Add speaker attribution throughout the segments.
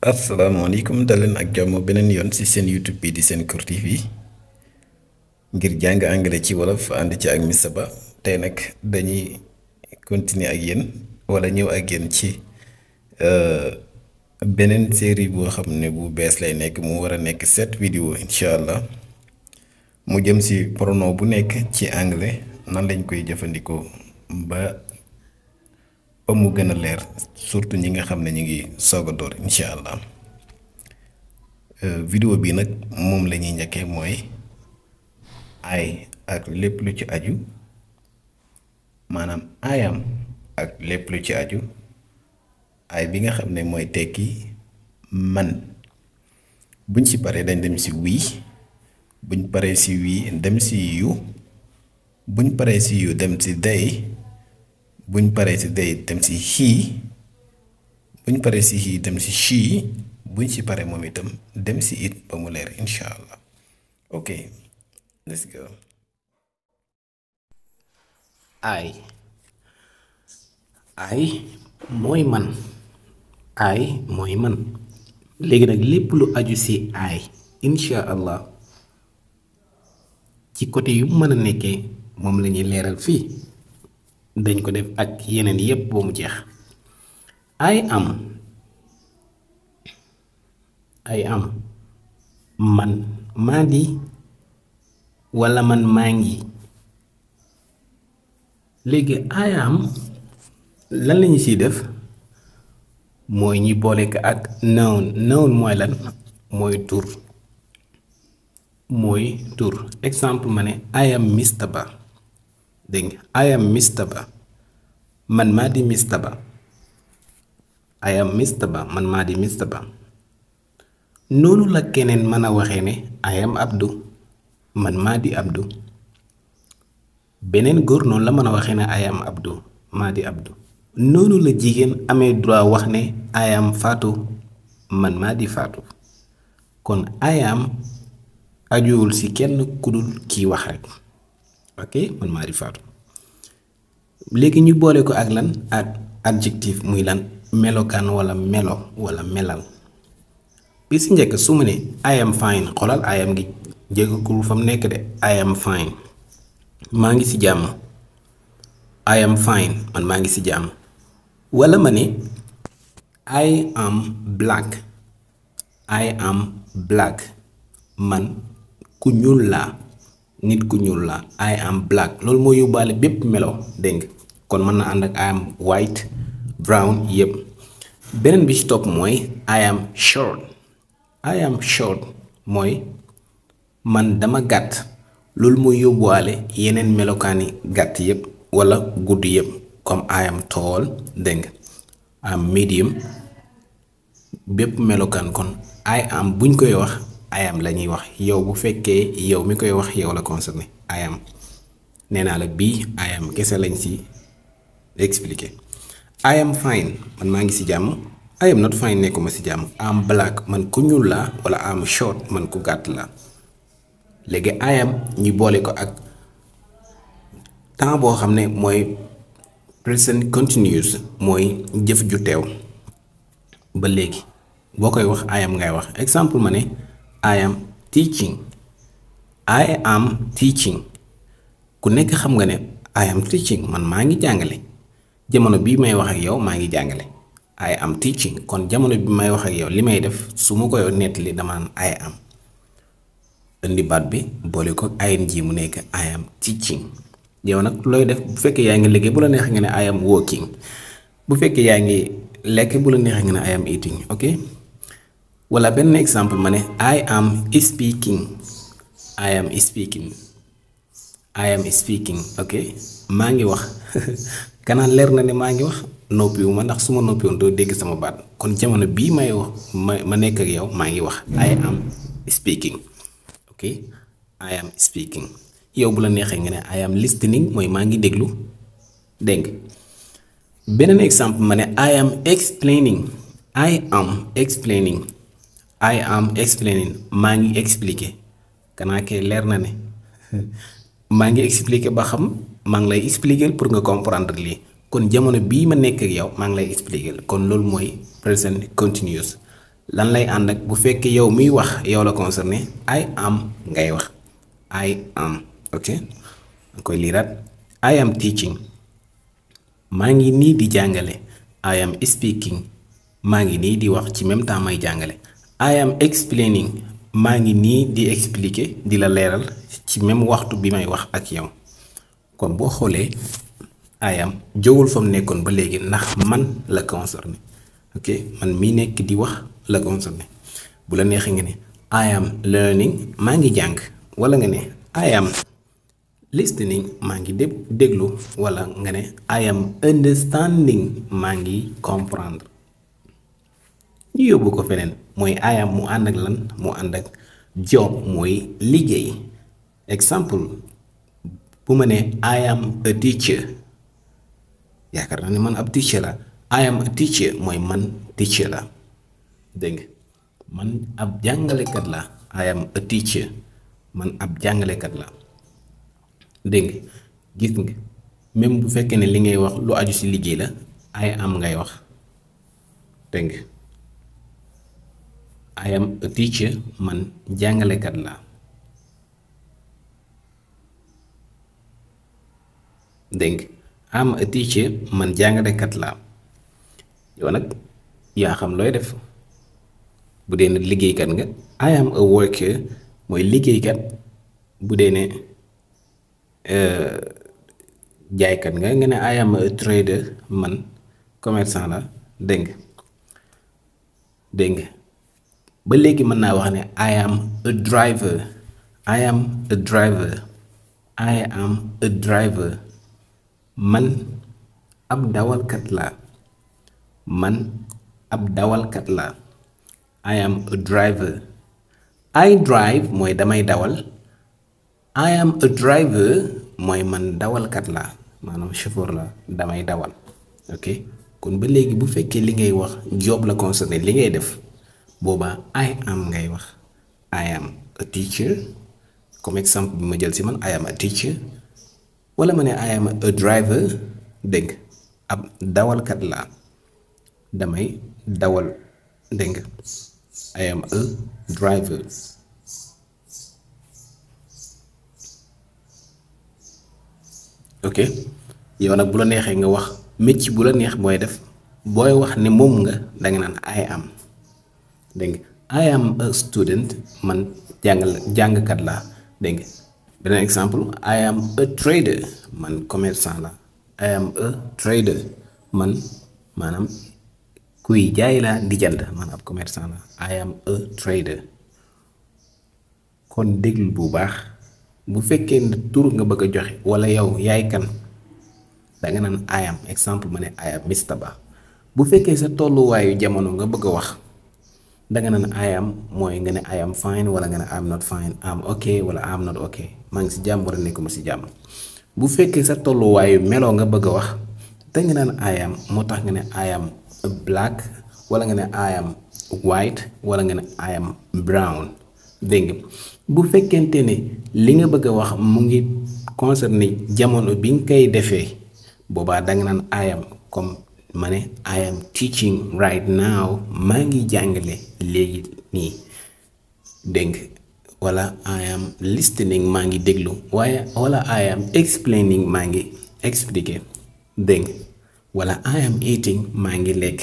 Speaker 1: asalaamaaleykum daleen ak jàmm beneen yoon ci seen youtube bi di Sencours TV ngir jàng anglais ci wolof ànd ci ak Mister Ba tey nag dañuy continuer ak yéen wala ñëw ak yéen ci euh, beneen série boo xam ne bu bees lay nekk mu war a nekk sept vidéo incha allah mu jëm ci pronom bu nekk ci anglais nan lañ koy jëfandikoo ba. ba mu gën a leer surtout ñi nga xam ne ñu ngi soog a door incha allah euh, vidéo bii nag moom la ñuy njëkkee mooy ay ak lépp lu ci aju maanaam aayam ak lépp lu ci aju ay bi nga xam ne mooy tekki man buñ ci paree dañ dem ci wii buñ paree ci wii dem si yu buñ paree ci yu dem si day buñ paree si day dem si he buñ paree si he dem si she buñ si paree moom itam dem si it ba mu leer incha allah ok let's go. I I mooy man I mooy man léegi nag lépp lu aju si I incha allah ci côté yu mën a nekkee moom la ñuy leeral fii. dañ ko def ak yeneen yépp ba mu jeex I am I am man maa di walla man maa ngi léegi I lan lañu ciy def mooy ñi boole ko ak noun noun mooy lan mooy tur mooy tur exemple ma ne I am Ba dégg nga I Ba man maa di Mr Ba I am Ba man maa di Mr Ba noonu la keneen mën a waxee ne I am man maa di Abdou beneen góor noonu la mën a waxee ne I am Abdou maa di la jigéen amee droit wax ne I am Fatou man maa di Fatou kon I am ajuwul ci kenn ku dul kiy wax rekk ok man léegi ñu boole ko ak lan ad adjectif muy lan melokaan wala melo wala melal bi si njëkk su ma ne I am fine ayam I am gi jéggagul fa mu nekk de I am maa ngi si jàmm ayam am man maa ngi si jàmm walla ma ne I am black I am black man ku ñuul laa. nit ku ñuul la I am black loolu moo yóbbaale bépp melo dégg kon mën na ànd ak I am white brown yëpp beneen bi ci topp mooy I am short I am short mooy man dama gàtt loolu mooy yóbbuwaale yeneen melokaani gàtt yëpp walla gudd yépp comme I am tall dégg nga I am medium bépp melokaan kon I am buñ koy wax. ayam lañuy wax yow bu fekkee yow mi koy wax yow la concerné ayam nee naa la bii ayam kese lañ si expliqué I am fine man maa ngi si jàmm I am not fine nekkuma si jàmm am black man ku ñuul laa wala am short man ku gàtt la léegi ayam am ñu boole ko ak temps boo xam ne mooy present continuous mooy jëf ju teew ba léegi boo koy wax I ngay wax exemple ma ne. I am teaching I am teaching ku nekk xam nga ne I am teaching man maa ngi jàngale jamono bii may wax ak yow maa ngi jàngale I am teaching kon jamono bi may wax ak yow li may def su ma koy nettali dama naan I am indi baat bi boole kook ko ing mu nekk I am teaching yow nag looy def bu fekkee yaa ngi liggéey bu la neex nga ne I am bu fekkee yaa ngi lekk bu la neex nga ne I am eating ok wala benn exemple ma ne I am speaking I am speaking I am speaking ok maa ngi wax kanaa leer na ne maa ngi wax noppiwu ma ndax su ma noppiwoon doo dégg sama baat kon jamono bii may wax ma ma nekk ak yow maa ngi wax I am speaking ok I am speaking yow bu la neexee nga ne I am listening mooy maa ngi déglu dégg beneen exemple ma ne I am explaining I am explaining. I am explaining maa ngi expliquer kanaa leer na ne maa ngi expliquer ba xam maa ngi lay expliquer pour nga comprendre lii kon jamono bii ma nekk ak yow maa ngi lay expliquer kon loolu mooy present continuous lan lay ànd ak bu fekkee yow muy wax yow la concerné I am ngay wax I am ok nga koy liiraat I am teaching maa ngi nii di jàngale I am speaking maa ngi nii di wax ci même temps may jàngale. I am explaining maa ngi nii di expliquer di la leeral ci même waxtu bi may wax ak yow kon boo xoolee I am jógul fa mu nekkoon ba léegi ndax man la concerné ok man mii nekk di wax la concerné bu la a ngi ne I am learning maa ngi jàng wala nga ne I am listening maa ngi déglu wala nga ne I am understanding maa ngi comprendre. ñu yóbbu ko feneen mooy aayam mu ànd ak lan mu ànd ak job mooy liggéey exemple bu ma ne I am a teacher yaakaar naa ne man ab teacher la I a teacher mooy man teacher la dégg man ab jàngalekat la I a teacher man ab jàngalekat la dégg nga gis nga même bu fekkee ne li ngay wax lu aju ci liggéey la I am ngay wax dégg I am a teacher man jàngalekat la dégg nga am a teacher man jàngalekat la yow nag yaa xam looy def bu dee ne liggéeykat nga I a worker mooy liggéeykat bu dee ne eh, jaaykat nga nga ne I a trader man commerçant la dégg nga ba léegi mën naa wax ne I am a driver I am a driver I am a driver man ab dawalkat la man ab dawalkat la I am a driver I drive mooy damay dawal I am a driver mooy man dawalkat la maanaam chauffeur la damay dawal ok kon ba léegi bu fekkee li ngay wax job la concerné li ngay def booba I am ngay wax I am a teacher comme exemple bi ma jël si man I am a teacher wala ma ne I am a driver dégg ab dawalkat laa damay dawal dégg I am a driver ok yow nag bu la neexee nga wax métier bu la neex booy def booy wax ne moom nga danga naan I am. dégg nga I am a student man jàngal jàngkat la dégg nga beneen exemple I am a trader man commerçant la I am a trader man maanaam kuy jaay laa di jënd man ab commerçant la I am a trader kon déglu bu baax bu fekkee ne tur nga bëgg a joxe wala yow yaay kan danga naan I exemple ma ne I am Ba bu fekkee sa tolluwaayu jamono nga bëgg a wax. danga naan I am mooy nga ne I am fine wala nga ne I am not fine am ok wala am not ok maa ngi si jàmm wala nekkuma si jàmm bu fekkee sa tolluwaayu meloo nga bëgg a wax danga naan I am moo tax nga ne I black wala nga ne I am white wala nga ne I am brown dégg nga bu fekkente ne li nga bëgg a wax mu ngi concerné jamono bi nga koy defee boobaa danga naan I am comme ma ne I am teaching right now maa ngi jàngale. léegi nii dégg walla I am maa ngi déglu waaye wala I am explaining maa ngi expliquer dégg wala I am eating maa ngi lekk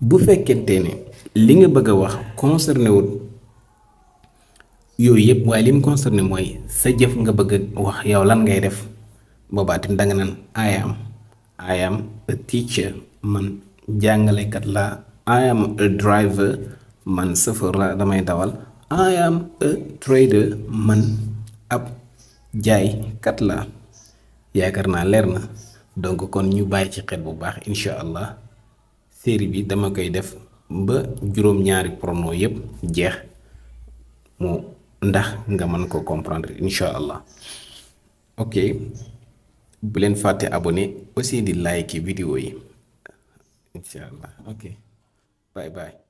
Speaker 1: bu fekkente ne li nga bëgg a wax concerné wul yooyu yëpp waaye lim mu mooy sa jëf nga bëgg wax yow lan ngay def boobaa danga naan aayam am I teacher man jàngalekat la I am a driver man chauffeur la damay dawal I a trader man ab jaay kat la yaakaar naa leer na donc kon ñu bàyyi ci xel bu baax incha allah série bi dama koy def ba juróom-ñaari prono yépp jeex mu ndax nga mën ko comprendre incha allah ok bu leen fàtte abonné aussi di like vidéo yi incha allah ok Bye bye.